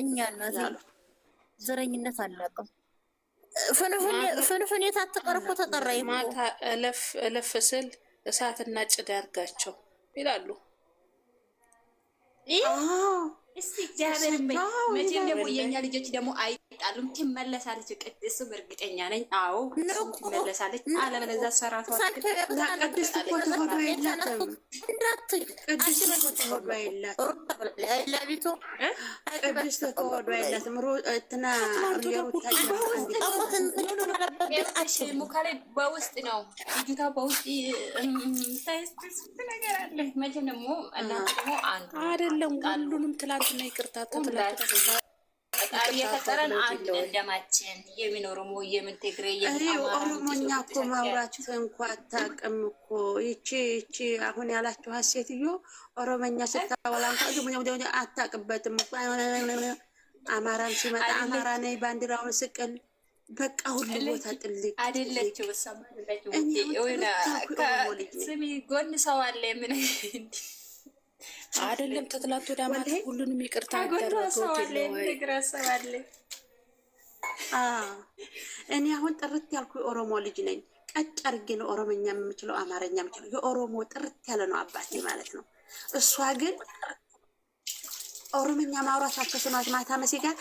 እኛ ነው። እናቴ ዘረኝነት አላውቅም። ፍንፍን የታጠቀር እኮ ተጠራይ ማታ እለፍ እለፍ ስል እሳትና ጭድ ያርጋቸው ይላሉ። እስቲ እግዚአብሔር መቼም ደግሞ የእኛ ልጆች ደግሞ አይ አይጣሉም። ትመለሳለች፣ ቅድስም እርግጠኛ ነኝ። አዎ ትመለሳለች። አለበለዚያ ሰራቷ በውስጥ ነው ልጅቷ በውስጥ ነገር አለ። ደግሞ አይደለም ሁሉንም ትላንትና ይቅርታ ፈጣሪ የፈጠረን አንድ እንደማችን የምን ኦሮሞ የምን ትግሬ ኦሮሞኛ እኮ ማውራት እንኳ አታውቅም እኮ ይቺ ይቺ አሁን ያላችሁ ሀሴትዮ ኦሮሞኛ ስታወላ እንኳ አታውቅበትም። አማራም ሲመጣ አማራ ነኝ ባንዲራውን ስቅል በቃ ሁሉ ቦታ ጥልቅ አይደለችው። ስሚ ጎን ሰው አለ ምን አይደለም ተትላንት ዳማት ሁሉንም ይቅርታ አደረገው። እኔ አሁን ጥርት ያልኩ ኦሮሞ ልጅ ነኝ። ቀጭ አድርጌ ነው ኦሮሞኛ የምችለው፣ አማርኛ የምችለው። የኦሮሞ ጥርት ያለ ነው አባቴ ማለት ነው። እሷ ግን ኦሮምኛ ማውራት አልተሰማት። ማታ መሴ ጋር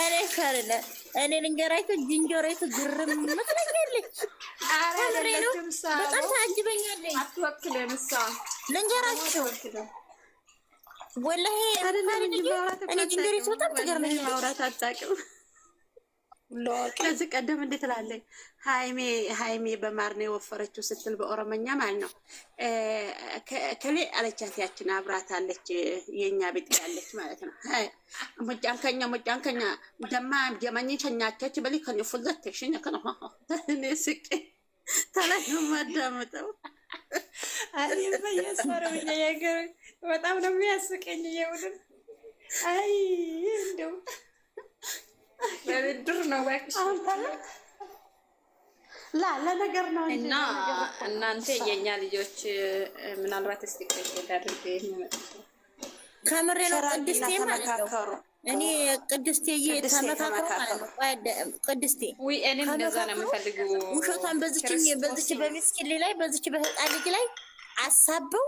እኔ ሻርለ እኔ ልንገራችሁ፣ ጅንጆሬቱ ግርም ምትለኛለች። በጣም ታጅበኛለች። ልንገራችሁ ወላሂ እኔ ዝንጀሮይቱ በጣም ትገርመኛለች። ከዚህ ቀደም እንዴት ላለ ሀይሜ ሀይሜ በማር ነው የወፈረችው ስትል በኦሮመኛ ማለት ነው። ከሌ አለቻት ያችን አብራት አለች የኛ ቤት ያለች ማለት ነው። ሙጫንከኛ ሙጫንከኛ ደማ ጀመኝ ሸኛቸች በሊ ከፉዘት ሽኛ ከነ እኔ ስቄ ተላይ ማዳምጠው ያስፈረኛ ነገር በጣም ነው የሚያስቀኝ የውድን አይ እንደው ለብድር ነው ላ ለነገር ነው እና እናንተ የእኛ ልጆች ምናልባት እስቲ ቀይል አድርገ ከምሬ ነው። ቅድስቴ ማለት እኔ ቅድስቴ ተመካከሩ ላይ በህፃን ልጅ ላይ አሳበው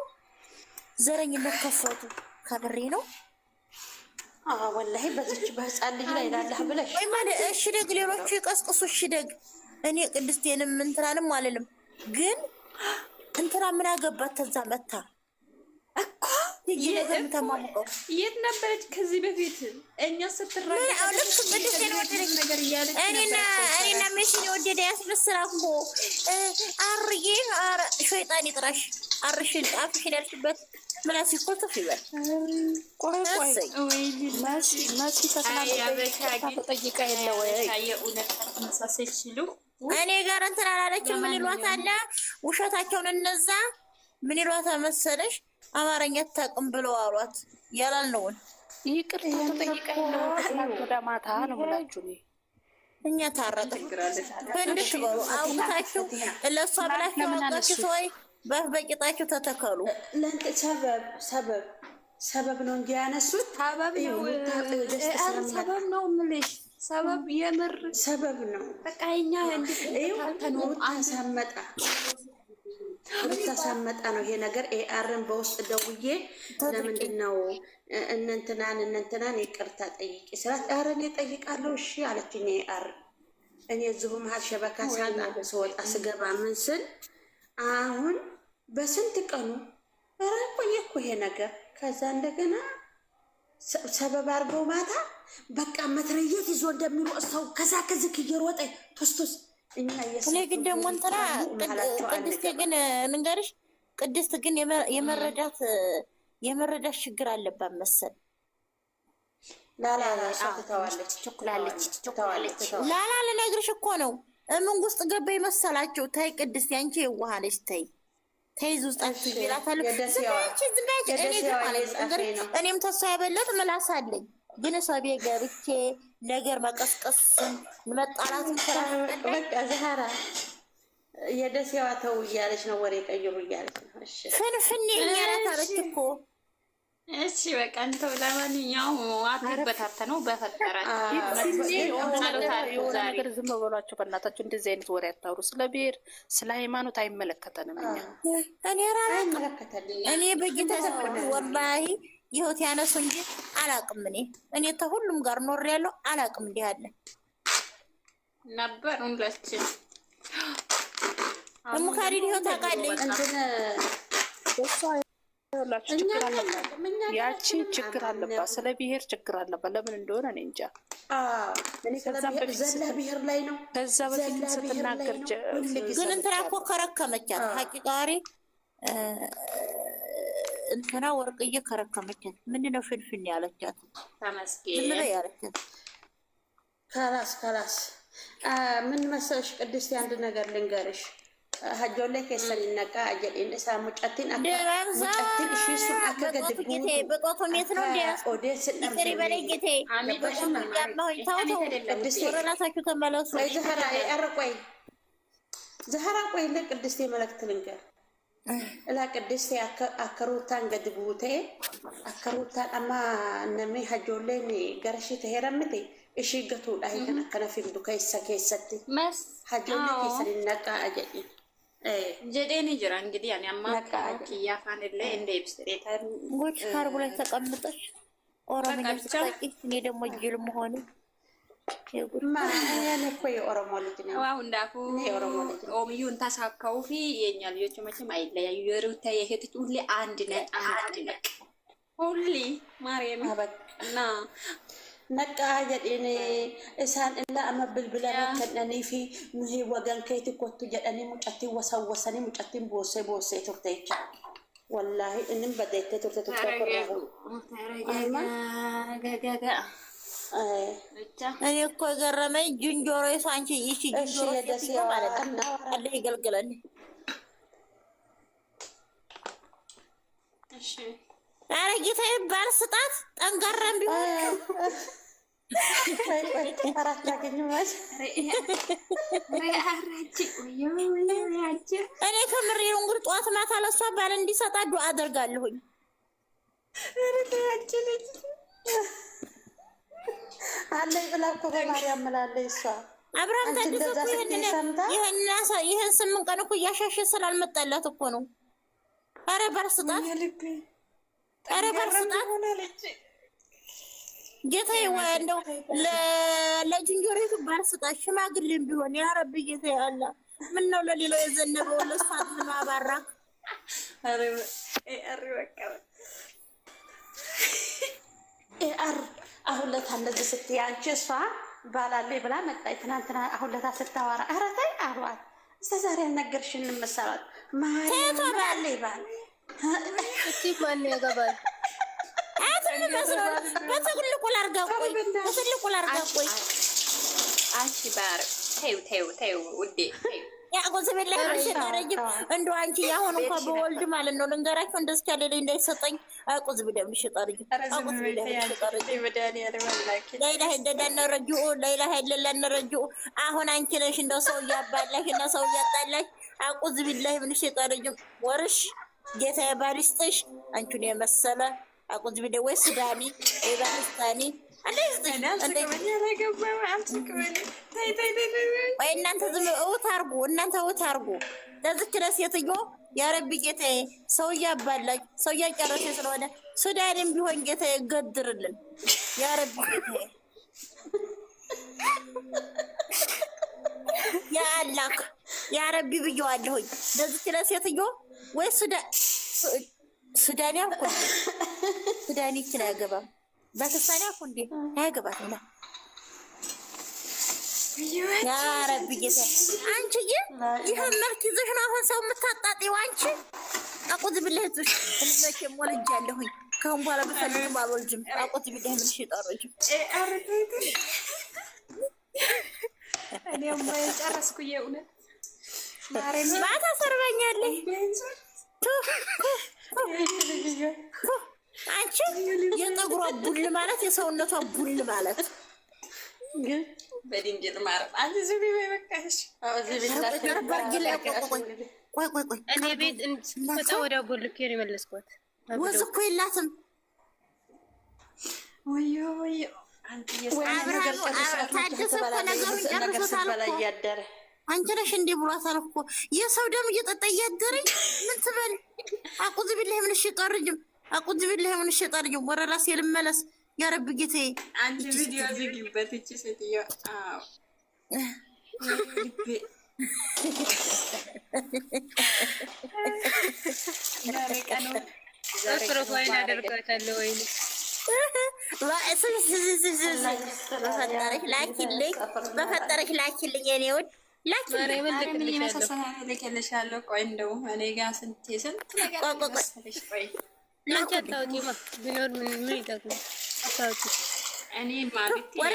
ዘረኝነት ከፈቱ። ከምሬ ነው። ወላሂ በዚች በህፃን ልጅ ላይ ላለህ ብለሽ እሺ፣ ደግ ሌሎቹ ይቀስቅሱ። እሺ ደግ እኔ ቅድስቴንም እንትናንም አልልም፣ ግን እንትና ምን አገባት ተዛ መታ የት ነበረች ከዚህ በፊት? እኛ ስትራእኔና መሽን የወደደ ያስመስላ እኮ አርዬ ሸይጣን ይጥራሽ። አርሽን አፍሽን ያልሽበት ምላስ ይኮተፍ ይበል። አማርኛ አታውቅም ብሎ አሏት። ያላልነውን ይቅርታ ተጠይቀን ወደ ማታ ነው ብላችሁ እኛ ታረቀ በልሽ በሉ አውቅታችሁ ለእሷ ብላችሁ አውቃችሁ ሰዋይ በቂጣችሁ ተተከሉ። ሰበብ ሰበብ ሰበብ ነው እንጂ ያነሱት ሰበብ ነው ሰበብ ነው የምልሽ ሰበብ የምር ሰበብ ነው። በቃ እኛ እንዲሁ ተኖታ ሳመጣ ልታሳመጣ ነው ይሄ ነገር። ኤአርን በውስጥ ደውዬ ለምንድን ነው እነንትናን እነንትናን ይቅርታ ጠይቂ ስላት፣ ኧረ እኔ ጠይቃለሁ እሺ አለችኝ። ኤአር እኔ እዚሁ መሀል ሸበካ ሳል ስወጣ ስገባ ምን ስል አሁን በስንት ቀኑ ኧረ ቆየ እኮ ይሄ ነገር። ከዛ እንደገና ሰበብ አድርገው ማታ በቃ መትረየት ይዞ እንደሚሮጥ ሰው ከዛ ከዚህ እየሮጠ ቶስቶስ እኔ ግን ደግሞ እንትና ቅድስት ግን ልንገርሽ፣ ቅድስት ግን የመረዳት የመረዳት ችግር አለባት መሰል። ላላ ልነግርሽ እኮ ነው ምን ውስጥ ገባ መሰላቸው። ታይ ቅድስት ያንቺ የዋሃነች ተይ ተይዝ ውስጥ አትይላታለሁ። ዝም በያቸው እኔ ግን ማለት እኔም ተሷ ያበለጥ ምላስ አለኝ ግን ሰው ገብቼ ነገር መቀስቀስን መጣላት በቃ ዛህራ የደሴዋ ተው እያለች ነው፣ ወሬ ቀይሩ እያለች ነው። ፍንፍን እያላት አለች እኮ። እሺ በቃ እንተው። ለማንኛውም አትበታተኑ በፈጠራችሁ ነገር ዝም በሏቸው በእናታችሁ። እንደዚህ አይነት ወሬ አታውሩ። ስለ ብሔር ስለ ሃይማኖት አይመለከተንም። እኛ እኔ ራ እኔ በጌታ ወላሂ ይኸውት ያነሱ እንጂ አላቅም። እኔ እኔ ተሁሉም ጋር ኖር ያለው አላቅም። እንዲህ አለ ነበር ሁላችን ሙካሪ ሊሆ ታውቃለች። ያቺ ችግር አለባት፣ ስለ ብሄር ችግር አለባት። ለምን እንደሆነ እኔ እንጃ። ከዛ በፊት ስትናገር ግን እንትና እኮ ከረከመቻት ሀቂቃሪ እንትና ወርቅዬ ከረከመቻት። ነው ፍንፍን ያለቻት ተመስገን ያለቻት። ከላስ ከላስ ምን መሰለሽ ቅድስት፣ አንድ ነገር ልንገርሽ ሀጆሌ ኬሰን ይነቃ አጀዲን እሳ ሙጨትን ሙጨትን እሺሱ አከገድቡጌቴ በጦቶ ሜት ነው እንዲያስሪ በላይ ጌቴ ሆኝታውተውራሳችሁ ተመለሱ። ዘኸራ ቆይ ልቅ ቅድስቴ መልእክት ልንገር Ilaa qiddisti akka ruutaan gadi buutee akka ruutaan amma namni hajoolleen gara ishee ta'ee rammite ishee gatuudha kan akkana fildu keessa keessatti. Hajoollee keessan hin naqaa jedhi. jedhee ni jira እንግዲህ ያኔ አማ ከኪያ ፋንለ እንደ ኢፕስሬተር ጎች ካርቡ ላይ ተቀምጠች ኦሮምኛ ስጠቂ እኔ ደግሞ ጅል መሆንም የኦሮሞ ኦምዩን ታሳካው ፊ የኛ ልጆች መቼም አይለያዩ። የሩታ የሄትች ሁሌ አንድ ነቅ አንድ ነቅ ሁሌ ማርያም እና ነቃ ጀዲን እሳን እላ አመ ብልብላ ከነኒ ፊ ኑሄ ወገን ከይቲ ኮቱ ጀደኒ ሙጨቲ ወሰወሰኒ ሙጨቲን ቦሴ ቦሴ ቱርተ ወላሂ እንም በደይቴ ቱርተ ቱርተ ኮራ እኔ እኮ የገረመኝ ጅንጆሮ ሳንቺ ይቺ ጅንጆሮ ማለት አለ ይገልግለን። ኧረ ጌታዬ ባል ስጣት ጠንጋራም ቢሆን እኔ ከምሬ ነው። እንግዲህ ጠዋት ማታ ለሷ ባል እንዲሰጣ ዱአ አደርጋለሁኝ። አለኝ ብላ እኮ በማርያም ምላለች እሷ። አብርሃም ታድሶ እኮ ይህን ስምንት ቀን እኮ እያሻሸ ስላልመጣላት እኮ ነው። ኧረ በርስጣት፣ ኧረ በርስጣት ጌታ ወይ እንደው ለዝንጀሮይቱ ባርስጣት ሽማግሌም ቢሆን ያ ጌታ ጌታዬ ምን ነው ለሌላው የዘነበው ለእሷት ምን አባራክ? ኤአር አሁን ለታ እንደዚህ ስትይ አንቺ እሷ ባላለኝ ብላ መጣች ትናንትና። አሁን ለታ ስታወራ ኧረ ተይ አሏት። እስከ ዛሬ አልነገርሽንም መሰራት ማርያም ባለ ይባል እቲ ማን ያገባል? በትልቁ ላርጋ ቆይ፣ በትልቁ ላርጋ ቆይ። አንቺ ባር ተይው፣ ተይው፣ ተይው ውዴ ያቆዝ ቢላ ሽረጅም እንደ አንቺ ያሁን እንኳ በወልድ ማለት ነው ልንገራችሁ፣ እንደዚ ከሌለኝ እንዳይሰጠኝ። አቁዝ ቢላ ሽጠርጅ አቁዝ ቢላ ሽጠርጅ ሌላ ሄደዳ ነረጅኡ ሌላ ሄለላ ነረጅኡ። አሁን አንቺ ነሽ እንደ ሰው እያባላሽ እና ሰው እያጣላሽ። አቁዝ ቢላ ምን ሽጠርጅም ወርሽ ጌታ የባል ይስጥሽ አንቺን የመሰለ አቁዝ ቢላ ወይ ሱዳኒ ወይ ፓኪስታኒ ወይ እናንተ ዝም እውት አድርጉ፣ እናንተ እውት አድርጉ። ለዚች ለሴትዮ የረቢ ጌታዬ ሰው እያባላኝ ሰው እያጨረሰ ስለሆነ ሱዳንም ቢሆን ጌታዬ ገድርልን የረቢ ጌታዬ የአላክ የአረቢ ብየዋለሁኝ። ለዚች ለሴትዮ ወይ ሱዳን ሱዳን ያልኩ ሱዳን ይችል አያገባም በክሳኔ አፉ እንዲ አያገባት ነው ያረብ ጌታ ይህን መልክ ይዘሽ ነው አሁን ሰው የምታጣጤው አንቺ። አቁት ብለህ ህዝብ ልመቼ ሞልጅ ከአሁን በኋላ ብፈልግም አልወልጅም። አቁዝ ብለህ ምንሽ ጠሮጅ እኔማ የጨረስኩ የእውነት ማታ ሰርበኛለህ አንቺ የጠጉሯ ቡል ማለት የሰውነቷ ቡል ማለት ማረፍ አንቺ ዝም በይ በቃሽ። ቆይ ቆይ ቆይ እኔ ቤት ወደ የመለስኳት ወዝ እኮ የላትም። ወዮ ወዮ አንቺ ነሽ ብሏታል እኮ የሰው ደም እየጠጣ እያደረኝ ምን ትበል? አቁዝ ቢላ ምን አቁዝ ቢላ ምን ሸጣር ወረ ራሴ ልመለስ። ያረብ ረብ ጌቴ ቪዲዮ ዝግበት እቺ ሴትዮ አዎ ላኪልኝ የኔ ውድ ላኪልኝ። ቆይ እንደው እኔ ጋ ስንት ስንት ነገር ቆይ ላንቺ አታወጪም። ቢኖር ምን ይጠቅማል? አታወጪም። እኔ ማለት ከምሬ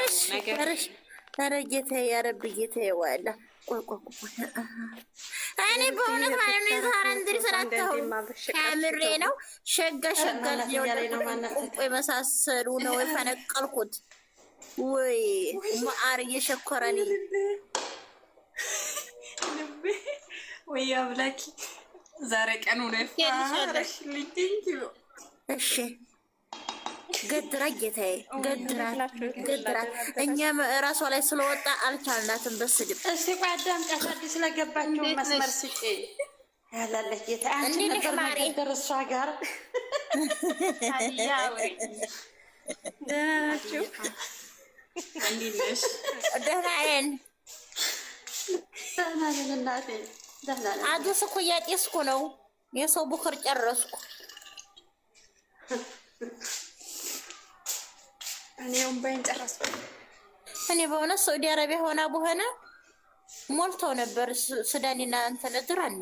ነው። ሸጋ ሸጋ ቁቁ የመሳሰሉ ነው የፈነቀልኩት። ወይ ማር እየሸኮረን ወይ አብላኪ ዛሬ ቀን ሆነ ፋሽልኝ ኪሎ እሺ ገድራ ጌታዬ ገድራ ገድራ እኛ ራሷ ላይ ስለወጣ አልቻልናትም። በስድብ እስቲ ቋዳም ቀሳዲ ስለገባቸው መስመር ስጪ ያላለች ጌታ አንቺ ነበር መገደር እሷ ጋር ደህናችሁ ደህናዬን ደህናነን እናቴ አዲስ እኮ እያጤስኩ ነው የሰው ቡክር ጨረስኩ። እኔውም ወንበይን ጨረስኩ። እኔ በእውነት ሳዑዲ አረቢያ ሆና በሆነ ሞልተው ነበር። ሱዳንና እንትን እድር አለ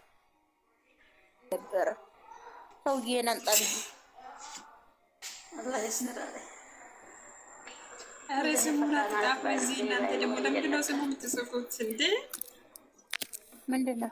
ነበረ ሰውዬን አንጣል ኧረ ስሙን አትጣፋ። እዚህ እናንተ ደግሞ ለምንድነው ስሙ የምትጽፉት እንዴ? ምንድን ነው?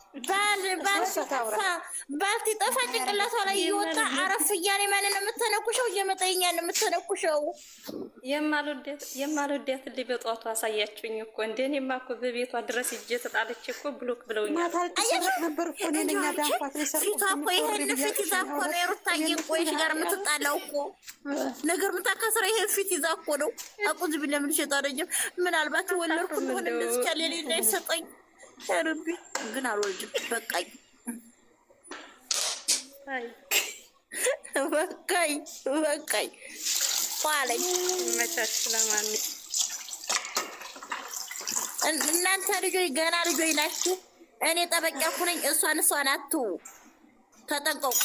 ባል ባል ባል ሲጠፋ ጭንቅላቷ ላይ እየወጣ አረፍ እያኔ ማን ነው የምትተነኩሸው፣ እየመጠኛ ነው የምትተነኩሸው። የማልወዳት ልጅ በጧቱ አሳያችሁኝ እኮ እንደ እኔማ እኮ በቤቷ ድረስ እጅ ተጣለች እኮ ብሎክ ብለውኛል። ይሄን ፊት ይዛ እኮ ነው የሩታዬ ጋር የምትጣላው እኮ ነገር ምታካስረ ይሄን ፊት ይዛ እኮ ነው። አቁዝቢ ለምን ሸጣ ምናልባት ወለድኩ ሆነ እንደዚህ ቻሌሌ እንዳይሰጠኝ ርቢ ግን አልወልድም። በቃኝ በቃኝ በቃኝ ኋለኝ መቻች ለማን እናንተ ልጆች ገና ልጆች ናችሁ። እኔ ጠበቅ ያልኩ ነኝ። እሷን እሷን አትው ተጠንቀቁ።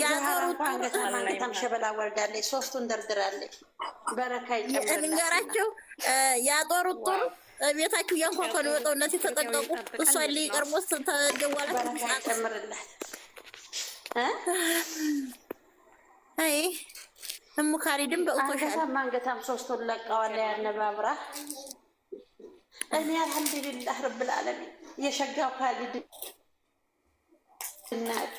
የአገሩበጣም ሸበላ ወርዳለች። ሶስቱን ደርድራለች። በረካ ይጨምርላቸው። ያጦሩት ጦር ቤታችሁ ያንኳኳሉ ወጣው እነዚህ ተጠቀቁ። እሷ ላይ ቀርሞስ ተደዋላት ጨምርላት። አይ እሙካሪድም በእቶሻል ማንገታም ሶስቱን ለቀዋለ ያነባብራ እኔ አልሐምዱሊላህ ረብልዓለሚን የሸጋው ካሊድ እናት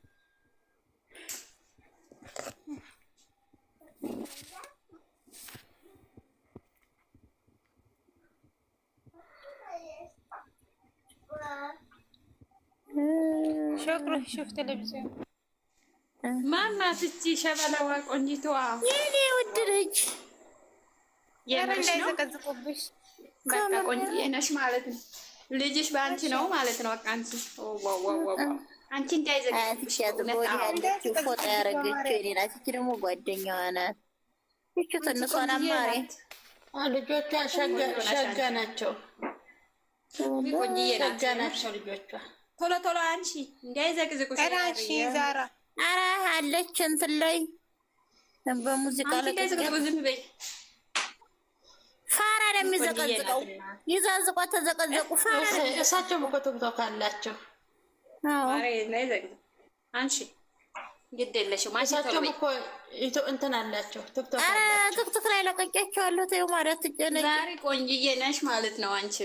ሾቅሮሽ ሹፍ ቴሌቪዥን ማማ ስቺ ሸበላዋ ቆንጂቷዋ የኔ ውድ ልጅ እንዳይዘቀዝቁብሽ በቃ ቆንጆ ነሽ ማለት ነው። ልጅሽ በአንቺ ነው ማለት ነው። አንቺ አንቺ እንዳይዘቀዝቁብሽ ፎጣ ያደረገችው የኔ ናት። ይቺ ደግሞ ጓደኛዋ ናት። ይቺ ትንሷን አማሪ ልጆቿ ሸጋ ናቸው። ቆንጅዬ ናቸው ልጆቿ ቶሎ ቶሎ አንቺ እንዳይዘቅዝቁሽ። እራሺ ዛራ አረ አለች እንትን ላይ በሙዚቃ ላይ ፋራ ነው የሚዘቀዝቀው። ይዘዝቆ ተዘቀዘቁ። ፋራ እሳቸውም እኮ ቶክቶክ አላቸው። አንቺ ግድ የለሽም። እሳቸውም እኮ እንትን አላቸው። ኧረ ቶክቶክ ላይ ለቀቂያቸዋለሁ። ተይው ማለት ትጨነቂ። ዛሬ ቆንጅዬ ነሽ ማለት ነው። አንቺ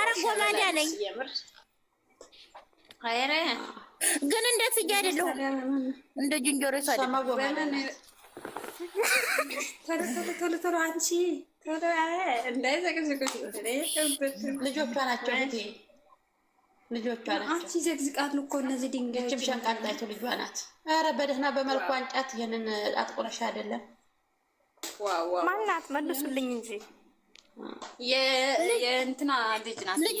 አረ ጎማዳ ነኝ አይረ ግን እንደ ስዬ እንደ ጅንጆሮ ሰው አንቺ ልጆቿ ናቸው ልጆቿ ናቸው። ይዘግዝቃሉ እኮ እነዚህ ሸንቃጣይቱ ልጇ ናት። ኧረ በደህና በመልኩ አንጫት። ይህንን አጥቁረሻ አይደለም ማናት? መልሱልኝ እንጂ የእንትና ልጅ ናት። ልጅ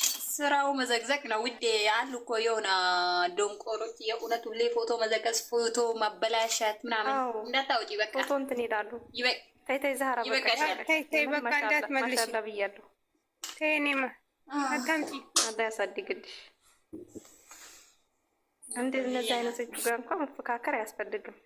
ስራው መዘግዘግ ነው ውዴ። አሉ እኮ የሆነ ደንቆሮች የእውነት ሁሌ ፎቶ መዘቀዝ፣ ፎቶ ማበላሸት ምናምን እንዳታውጭ። በቃ ፎቶ እንትን ይላሉ። ዛህራ በቃ እንዳትመልሽ ብያለሁ። አታምጪ። ያሳድግልሽ። እንደ እነዚህ አይነቶቹ ጋር እንኳን መፈካከር አያስፈልግም።